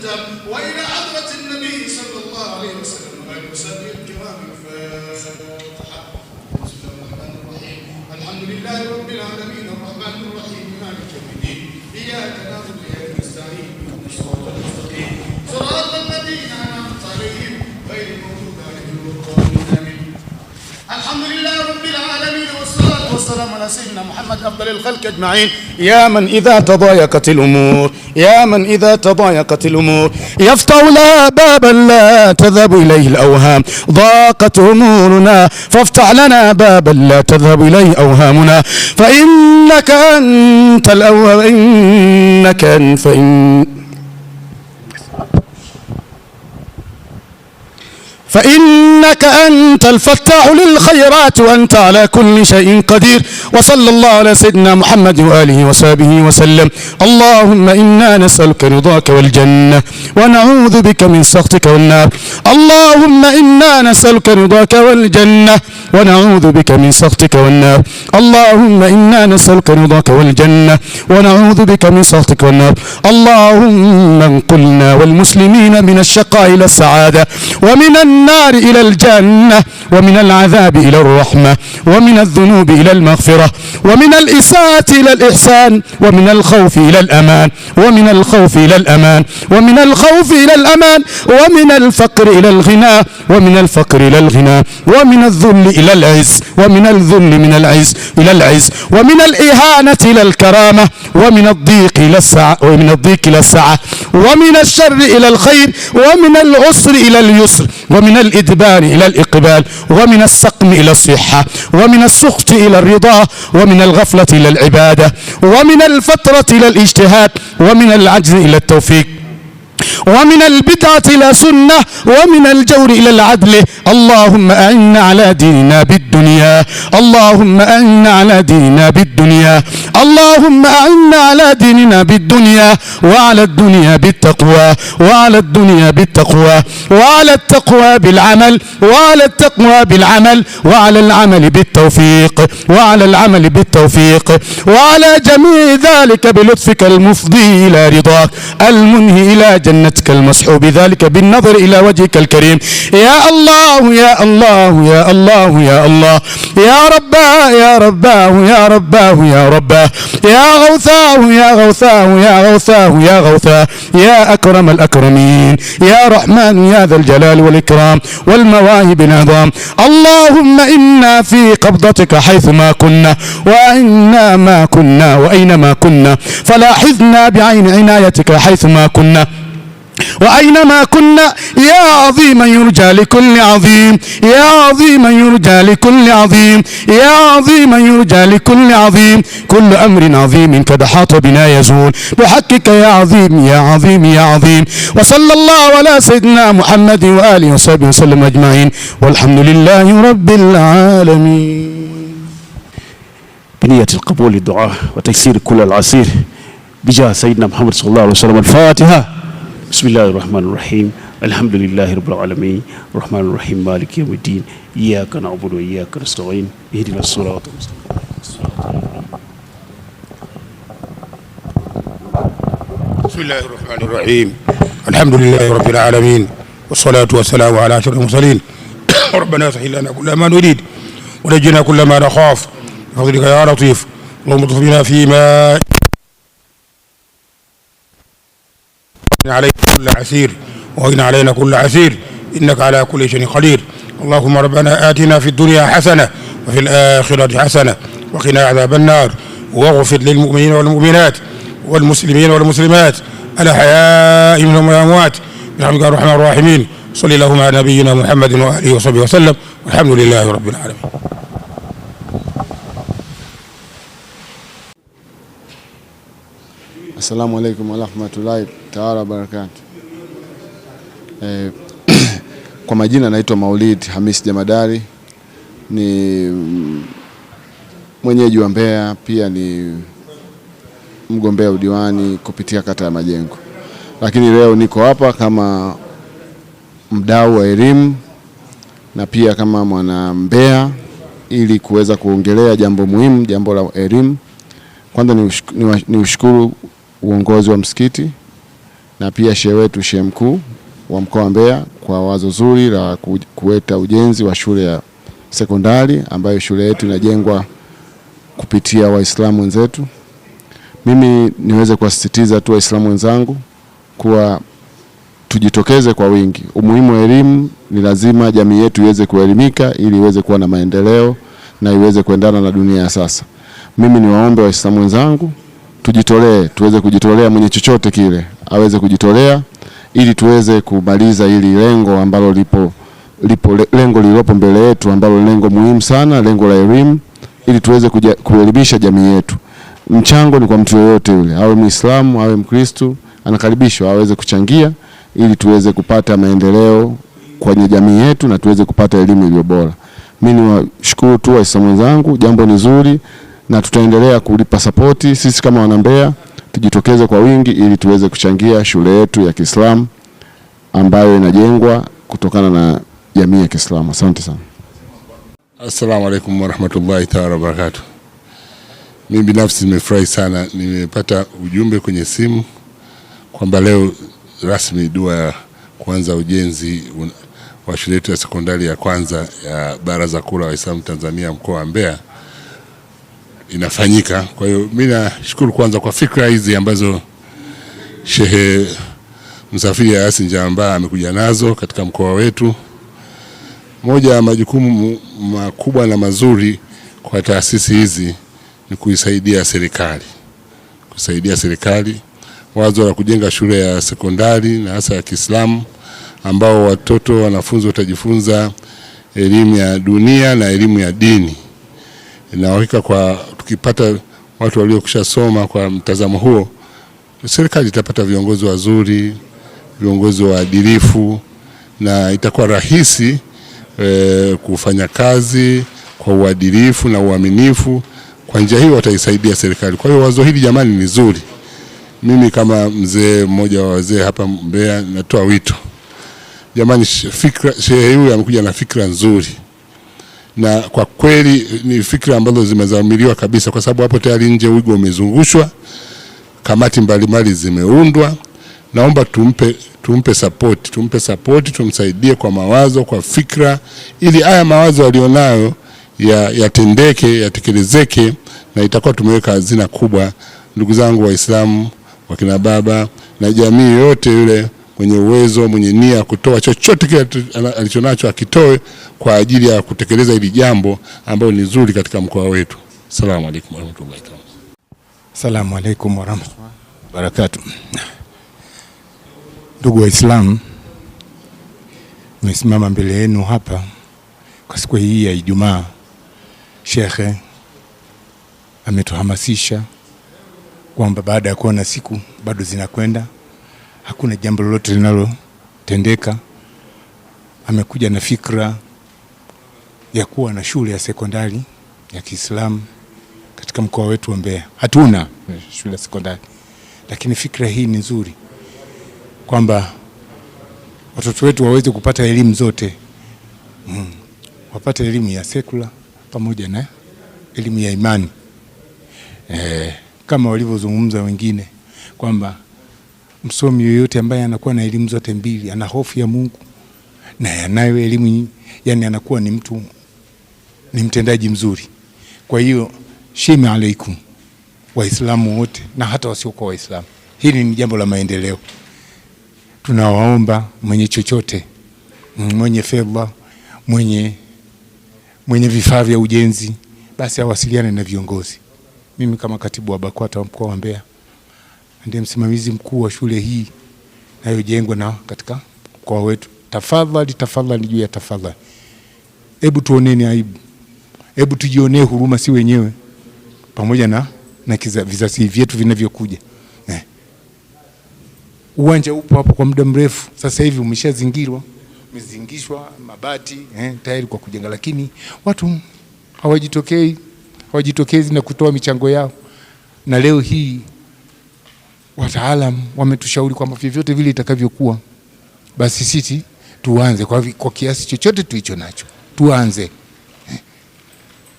الكتاب وإلى عذرة النبي صلى الله عليه وسلم وآله وصحبه الكرام بسم الله الرحمن الرحيم الحمد لله رب العالمين الرحمن الرحيم مالك يوم الدين إياك نعبد وإياك نستعين اهدنا الصراط المستقيم صراط الذين والسلام على سيدنا محمد أفضل الخلق أجمعين يا من إذا تضايقت الأمور يا من إذا تضايقت الأمور يفتح لا بابا لا تذهب إليه الأوهام ضاقت أمورنا فافتح لنا بابا لا تذهب إليه أوهامنا فإنك أنت الأوهام إنك فإن فإنك أنت الفتاح للخيرات وأنت على كل شيء قدير وصلى الله على سيدنا محمد وآله وصحبه وسلم اللهم إنا نسألك رضاك والجنة ونعوذ بك من سخطك والنار اللهم إنا نسألك رضاك والجنة ونعوذ بك من سخطك والنار اللهم إنا نسألك رضاك والجنة ونعوذ بك من سخطك والنار اللهم انقلنا والمسلمين من الشقاء إلى السعادة ومن النار النار إلى الجنة ومن العذاب إلى الرحمة ومن الذنوب إلى المغفرة ومن الإساءة إلى الإحسان ومن الخوف إلى الأمان ومن الخوف إلى الأمان ومن الخوف إلى الأمان ومن الفقر إلى الغنى ومن الفقر إلى الغنى ومن الذل إلى العز ومن الذل من العز إلى العز ومن الإهانة إلى الكرامة ومن الضيق إلى السعة ومن الضيق إلى السعة ومن الشر إلى الخير ومن العسر إلى اليسر ومن من الإدبار إلى الإقبال ومن السقم إلى الصحة ومن السخط إلى الرضا ومن الغفلة إلى العبادة ومن الفترة إلى الاجتهاد ومن العجز إلى التوفيق ومن البدعة إلى سنة ومن الجور إلى العدل اللهم أعنا على ديننا بالدنيا اللهم أعنا على ديننا بالدنيا اللهم أعنا على ديننا بالدنيا وعلى الدنيا بالتقوى وعلى الدنيا بالتقوى وعلى التقوى بالعمل وعلى التقوى بالعمل وعلى العمل بالتوفيق وعلى العمل بالتوفيق وعلى جميع ذلك بلطفك المفضي إلى رضاك المنهي إلى جميع جنتك المصحوب ذلك بالنظر إلى وجهك الكريم يا الله يا الله يا الله يا الله يا رباه يا رباه يا رباه يا رباه يا غوثاه يا غوثاه يا غوثاه يا غوثاه يا أكرم الأكرمين يا رحمن يا ذا الجلال والإكرام والمواهب العظام اللهم إنا في قبضتك حيث ما كنا وأنا ما كنا وأينما كنا فلاحظنا بعين عنايتك حيث ما كنا وأينما كنا يا عظيما يرجى لكل عظيم يا عظيما يرجى لكل عظيم يا عظيما يرجى لكل عظيم كل أمر عظيم قد حاط بنا يزول بحقك يا عظيم يا عظيم يا عظيم وصلى الله على سيدنا محمد وآله وصحبه وسلم أجمعين والحمد لله رب العالمين بنية القبول الدعاء وتيسير كل العسير بجاه سيدنا محمد صلى الله عليه وسلم الفاتحة بسم الله الرحمن الرحيم الحمد لله رب العالمين الرحمن الرحيم مالك يوم الدين إياك نعبد وإياك نستعين اهدنا الصراط بسم الله الرحمن الرحيم الحمد لله رب العالمين والصلاة والسلام على أشرف المرسلين ربنا يصح لنا كل ما نريد ونجنا كل ما نخاف بفضلك يا لطيف اللهم اطف بنا فيما علينا كل عسير وإن علينا كل عسير إنك على كل شيء قدير اللهم ربنا آتنا في الدنيا حسنة وفي الآخرة حسنة وقنا عذاب النار واغفر للمؤمنين والمؤمنات والمسلمين والمسلمات الأحياء منهم والأموات برحمتك الرحمن الراحمين صلى اللهم على نبينا محمد وآله وصحبه وسلم والحمد لله رب العالمين السلام عليكم ورحمة الله Tawala barakati. E, eh, kwa majina naitwa Maulid Hamis Jamadari, ni mwenyeji wa Mbeya, pia ni mgombea udiwani kupitia kata ya Majengo, lakini leo niko hapa kama mdau wa elimu na pia kama mwana Mbeya ili kuweza kuongelea jambo muhimu, jambo la elimu. Kwanza ni, ni ushukuru uongozi wa msikiti na pia shehe wetu shehe mkuu wa mkoa wa Mbeya kwa wazo zuri la kuweta ujenzi wa shule ya sekondari ambayo shule yetu inajengwa kupitia Waislamu wenzetu. Mimi niweze kuwasisitiza tu Waislamu wenzangu kuwa tujitokeze kwa wingi. Umuhimu wa elimu ni lazima jamii yetu iweze kuelimika ili iweze kuwa na maendeleo na iweze kuendana na dunia ya sasa. Mimi niwaombe Waislamu wenzangu tujitolee, tuweze kujitolea mwenye chochote kile aweze kujitolea ili tuweze kumaliza hili lengo ambalo lipo, lipo lengo lililopo mbele yetu ambalo lengo muhimu sana, lengo la elimu, ili tuweze kuelimisha jamii yetu. Mchango ni kwa mtu yoyote yule, awe Muislamu awe Mkristu, anakaribishwa aweze kuchangia ili tuweze kupata maendeleo kwenye jamii yetu na tuweze kupata elimu iliyo bora. Mimi niwashukuru tu Waislamu wenzangu, jambo ni zuri na tutaendelea kulipa sapoti sisi kama wanambea tujitokeze kwa wingi ili tuweze kuchangia shule yetu ya Kiislamu ambayo inajengwa kutokana na jamii ya Kiislamu. Asante sana. Assalamu alaikum warahmatullahi taala wabarakatu Mimi binafsi nimefurahi sana, nimepata ujumbe kwenye simu kwamba leo rasmi dua ya kuanza ujenzi wa shule yetu ya sekondari ya kwanza ya Baraza Kuu la Waislamu Tanzania mkoa wa Mbeya inafanyika. Kwa hiyo mimi nashukuru kwanza kwa fikra hizi ambazo Shehe Msafiri Aasi jamba amekuja nazo katika mkoa wetu. Moja ya majukumu makubwa na mazuri kwa taasisi hizi ni kuisaidia serikali, kusaidia serikali. Wazo la kujenga shule ya sekondari na hasa ya Kiislamu ambao watoto wanafunzi watajifunza elimu ya dunia na elimu ya dini, na hakika kwa tukipata watu soma kwa mtazamo huo, serikali itapata viongozi wazuri, viongozi waadilifu na itakuwa rahisi e, kufanya kazi kwa uadilifu na uaminifu. Kwa njia hiyo wataisaidia serikali. Kwa hiyo wazo hili jamani ni zuri. Mimi kama mzee mmoja wa wazee hapa Mbeya natoa wito jamani, fikra shehe huyu amekuja na fikra nzuri na kwa kweli ni fikra ambazo zimezamiliwa kabisa, kwa sababu hapo tayari nje wigo umezungushwa, kamati mbalimbali zimeundwa. Naomba tumpe tumpe support, tumpe support, tumsaidie kwa mawazo, kwa fikra, ili haya mawazo alionayo yatendeke, ya yatekelezeke, na itakuwa tumeweka hazina kubwa. Ndugu zangu Waislamu, wakina baba na jamii yote yule mwenye uwezo, mwenye nia ya kutoa chochote kile alichonacho akitoe kwa ajili ya kutekeleza hili jambo ambalo ni zuri katika mkoa wetu. Asalamu alaykum warahmatullahi Asalamu alaykum warahmatullahi wabarakatuh. Ndugu Waislamu, nimesimama mbele yenu hapa kwa siku hii ya Ijumaa. Shekhe ametuhamasisha kwamba baada ya kuona siku bado zinakwenda hakuna jambo lolote linalotendeka. Amekuja na fikra ya kuwa na shule ya sekondari ya Kiislamu katika mkoa wetu wa Mbeya. Hatuna shule ya sekondari, lakini fikra hii ni nzuri kwamba watoto wetu waweze kupata elimu zote mm, wapate elimu ya sekula pamoja na elimu ya imani e, kama walivyozungumza wengine kwamba msomi yoyote ambaye anakuwa na elimu zote mbili ana hofu ya Mungu na anayo elimu, yani anakuwa ni mtu ni mtendaji mzuri. Kwa hiyo shime alaikum Waislamu wote na hata wasiokuwa Waislamu, hili ni jambo la maendeleo. Tunawaomba mwenye chochote, mwenye fedha, mwenye, mwenye vifaa vya ujenzi, basi awasiliane na viongozi. Mimi kama katibu wa BAKWATA mkoa wa Mbeya ndiye msimamizi mkuu wa shule hii inayojengwa na katika mkoa wetu. Tafadhali, tafadhali juu ya tafadhali, hebu tuoneni aibu, hebu tujionee huruma si wenyewe pamoja na, na vizazi vyetu vinavyokuja eh. Uwanja upo hapo kwa muda mrefu sasa hivi umeshazingirwa, umezingishwa mabati eh, tayari kwa kujenga, lakini watu hawajitokei hawajitokezi na kutoa michango yao, na leo hii wataalam wametushauri kwamba vyovyote vile itakavyokuwa, basi sisi tuanze kwa, kwa kiasi chochote tulicho nacho tuanze.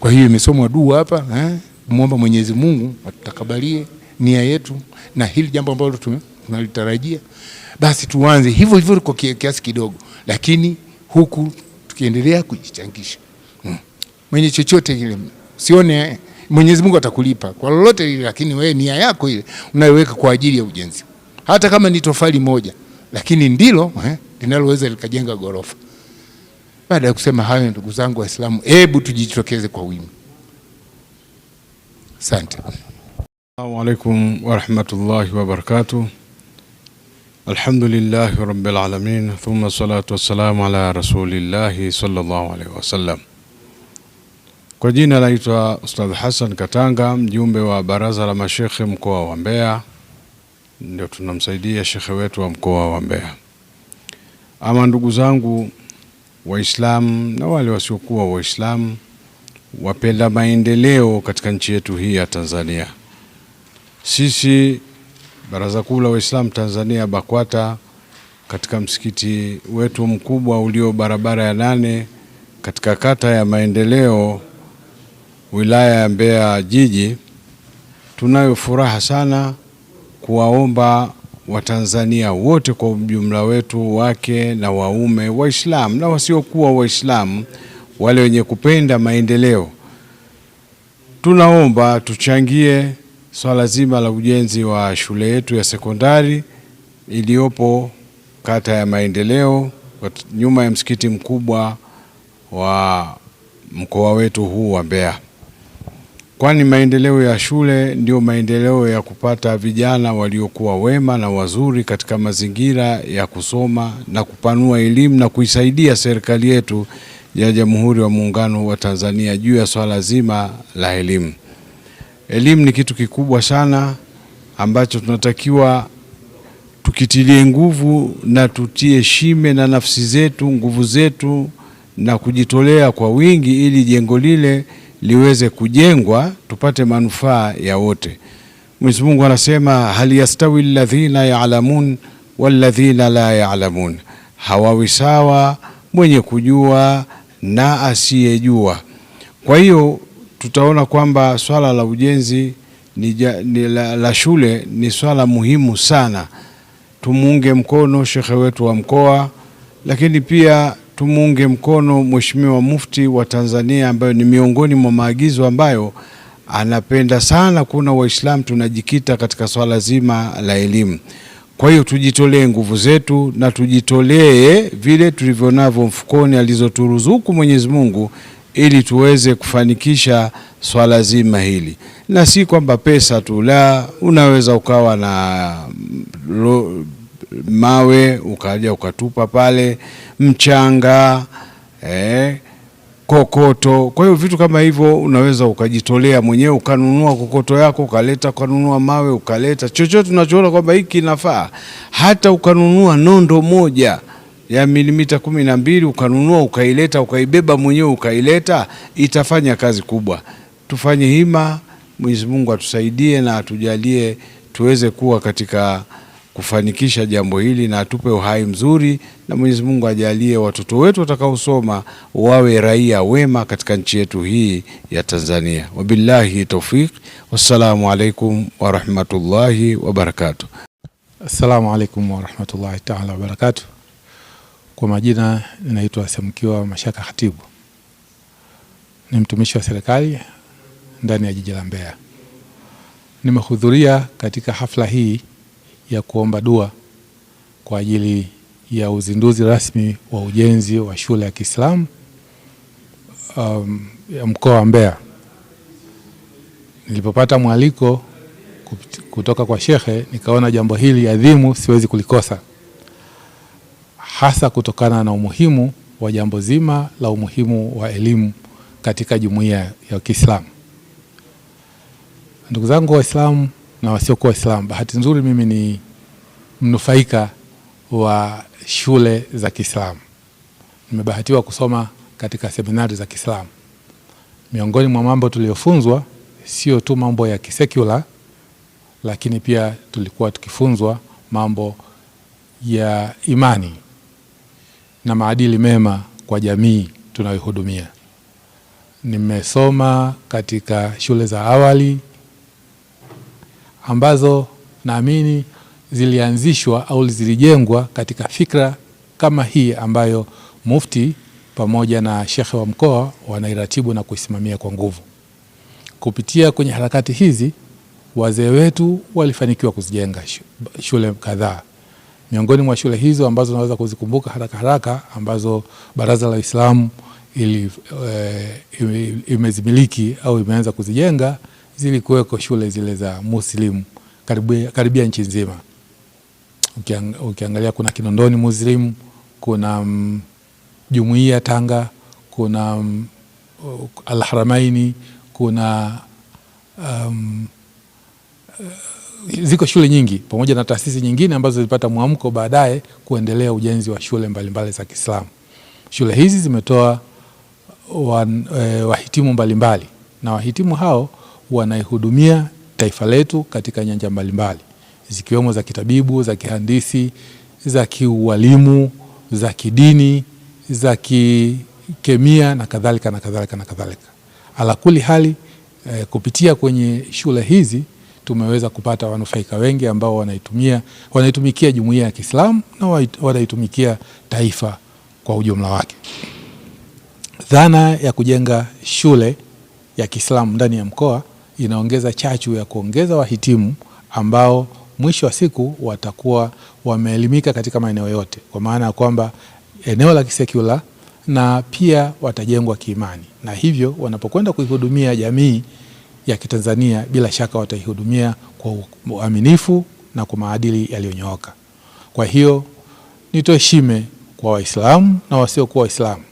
Kwa hiyo imesomwa dua hapa eh, kumwomba Mwenyezi Mungu atutakabalie nia yetu na hili jambo ambalo tunalitarajia, basi tuanze hivyo hivyo kwa kiasi kidogo, lakini huku tukiendelea kujichangisha hmm. Mwenye chochote kile sione eh. Mwenyezi Mungu atakulipa kwa lolote lile, lakini wewe nia yako ile unaiweka kwa ajili ya ujenzi, hata kama ni tofali moja, lakini ndilo eh, linaloweza likajenga gorofa. Baada ya kusema hayo, ndugu zangu Waislamu, hebu tujitokeze kwa wingi. Asante. Assalamu alaikum warahmatullahi wabarakatu Alhamdulillahi rabbil alamin thumma salatu wassalamu ala rasulillahi sallallahu alaihi wasallam. Kwa jina naitwa Ustadh Hassan Katanga, mjumbe wa baraza la mashekhe mkoa wa Mbeya, ndio tunamsaidia shekhe wetu wa mkoa wa Mbeya. Ama ndugu zangu Waislamu na wale wasiokuwa Waislamu, wapenda maendeleo katika nchi yetu hii ya Tanzania, sisi Baraza Kuu la Waislamu Tanzania BAKWATA katika msikiti wetu mkubwa ulio barabara ya nane katika kata ya Maendeleo wilaya ya Mbeya jiji, tunayo furaha sana kuwaomba Watanzania wote kwa ujumla wetu, wake na waume, Waislamu na wasiokuwa Waislamu, wale wenye kupenda maendeleo, tunaomba tuchangie swala zima la ujenzi wa shule yetu ya sekondari iliyopo kata ya Maendeleo nyuma ya msikiti mkubwa wa mkoa wetu huu wa Mbeya kwani maendeleo ya shule ndio maendeleo ya kupata vijana waliokuwa wema na wazuri katika mazingira ya kusoma na kupanua elimu na kuisaidia serikali yetu ya Jamhuri ya Muungano wa Tanzania juu ya swala zima la elimu. Elimu ni kitu kikubwa sana ambacho tunatakiwa tukitilie nguvu na tutie shime na nafsi zetu, nguvu zetu na kujitolea kwa wingi ili jengo lile liweze kujengwa, tupate manufaa ya wote. Mwenyezi Mungu anasema hal yastawi alladhina ya'lamun walladhina la ya'lamun, hawawi sawa mwenye kujua na asiyejua. Kwa hiyo tutaona kwamba swala la ujenzi ni ja, ni la, la shule ni swala muhimu sana. Tumuunge mkono shekhe wetu wa mkoa, lakini pia tumuunge mkono Mheshimiwa Mufti wa Tanzania, ambayo ni miongoni mwa maagizo ambayo anapenda sana kuona Waislamu tunajikita katika swala zima la elimu. Kwa hiyo tujitolee nguvu zetu na tujitolee vile tulivyonavyo mfukoni alizoturuzuku Mwenyezi Mungu ili tuweze kufanikisha swala zima hili, na si kwamba pesa tu, la, unaweza ukawa na lo, mawe ukaja ukatupa pale, mchanga eh, kokoto. Kwa hiyo vitu kama hivyo unaweza ukajitolea mwenyewe ukanunua kokoto yako ukaleta, ukanunua mawe ukaleta, chochote unachoona kwamba hiki kinafaa, hata ukanunua nondo moja ya milimita kumi na mbili ukanunua ukaileta ukaibeba mwenyewe ukaileta, itafanya kazi kubwa. Tufanye hima, Mwenyezi Mungu atusaidie na atujalie tuweze kuwa katika kufanikisha jambo hili na atupe uhai mzuri, na Mwenyezi Mungu ajalie watoto wetu watakaosoma wawe raia wema katika nchi yetu hii ya Tanzania. Wabillahi tawfiq, wassalamu alaikum warahmatullahi wabarakatuh. Assalamu alaikum warahmatullahi taala wabarakatu Kwa majina ninaitwa Samkiwa Mashaka Khatibu, ni mtumishi wa serikali ndani ya jiji la Mbeya. Nimehudhuria katika hafla hii ya kuomba dua kwa ajili ya uzinduzi rasmi wa ujenzi wa shule ya Kiislamu um, ya mkoa wa Mbeya. Nilipopata mwaliko kutoka kwa shekhe, nikaona jambo hili adhimu siwezi kulikosa, hasa kutokana na umuhimu wa jambo zima la umuhimu wa elimu katika jumuiya ya Kiislamu. Ndugu zangu Waislamu na wasiokuwa Waislamu. Bahati nzuri mimi ni mnufaika wa shule za Kiislamu, nimebahatiwa kusoma katika seminari za Kiislamu. Miongoni mwa mambo tuliyofunzwa sio tu mambo ya kisekula, lakini pia tulikuwa tukifunzwa mambo ya imani na maadili mema kwa jamii tunayohudumia. Nimesoma katika shule za awali ambazo naamini zilianzishwa au zilijengwa katika fikra kama hii ambayo mufti pamoja na shekhe wa mkoa wanairatibu na kuisimamia kwa nguvu. Kupitia kwenye harakati hizi, wazee wetu walifanikiwa kuzijenga shule kadhaa. Miongoni mwa shule hizo ambazo naweza kuzikumbuka haraka haraka ambazo Baraza la Waislamu eh, imezimiliki au imeanza kuzijenga zilikuweko shule zile za muslim karibia, karibia nchi nzima. Ukiangalia kuna Kinondoni Muslimu, kuna um, Jumuiya Tanga, kuna um, Alharamaini, kuna um, ziko shule nyingi pamoja na taasisi nyingine ambazo zilipata mwamko baadaye kuendelea ujenzi wa shule mbalimbali za Kiislamu. Shule hizi zimetoa eh, wahitimu mbalimbali na wahitimu hao wanaihudumia taifa letu katika nyanja mbalimbali zikiwemo za kitabibu, za kihandisi, za kiualimu, za kidini, za kikemia na kadhalika na kadhalika na kadhalika. Ala kuli hali eh, kupitia kwenye shule hizi tumeweza kupata wanufaika wengi ambao wanaitumia wanaitumikia jumuiya ya Kiislamu na wanaitumikia taifa kwa ujumla wake. Dhana ya kujenga shule ya Kiislamu ndani ya mkoa inaongeza chachu ya kuongeza wahitimu ambao mwisho wa siku watakuwa wameelimika katika maeneo yote, kwa maana ya kwamba eneo la kisekula na pia watajengwa kiimani, na hivyo wanapokwenda kuihudumia jamii ya Kitanzania bila shaka wataihudumia kwa uaminifu na kwa maadili yaliyonyooka. Kwa hiyo nitoe shime kwa Waislamu na wasiokuwa Waislamu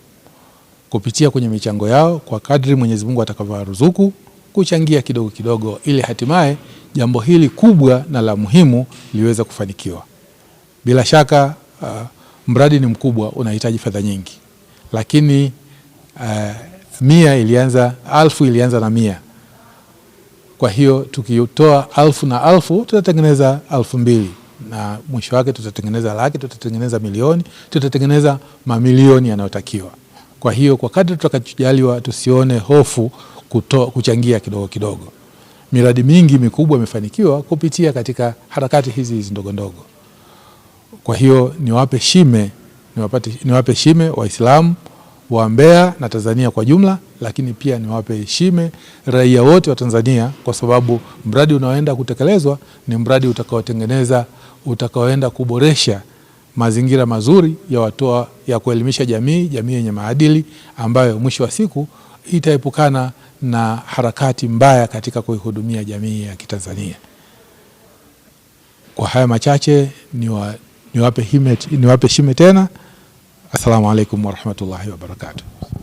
kupitia kwenye michango yao kwa kadri Mwenyezi Mungu atakavyowaruzuku kuchangia kidogo kidogo, ili hatimaye jambo hili kubwa na la muhimu liweze kufanikiwa. Bila shaka uh, mradi ni mkubwa, unahitaji fedha nyingi, lakini uh, mia ilianza alfu ilianza na mia. Kwa hiyo tukitoa alfu na alfu tutatengeneza alfu mbili na mwisho wake tutatengeneza laki, tutatengeneza milioni, tutatengeneza mamilioni yanayotakiwa. Kwa hiyo kwa kadri tutakachojaliwa, tusione hofu kuto, kuchangia kidogo kidogo. Miradi mingi mikubwa imefanikiwa kupitia katika harakati hizi hizi ndogo ndogo. Kwa hiyo niwape shime, niwapate, niwape shime Waislamu wa Mbeya na Tanzania kwa jumla, lakini pia niwape heshima raia wote wa Tanzania kwa sababu mradi unaoenda kutekelezwa ni mradi utakaotengeneza utakaoenda kuboresha mazingira mazuri ya watoa ya kuelimisha jamii, jamii yenye maadili ambayo mwisho wa siku itaepukana na harakati mbaya katika kuihudumia jamii ya Kitanzania. Kwa haya machache niwape wa, ni shime tena. Assalamu alaikum warahmatullahi wabarakatuh.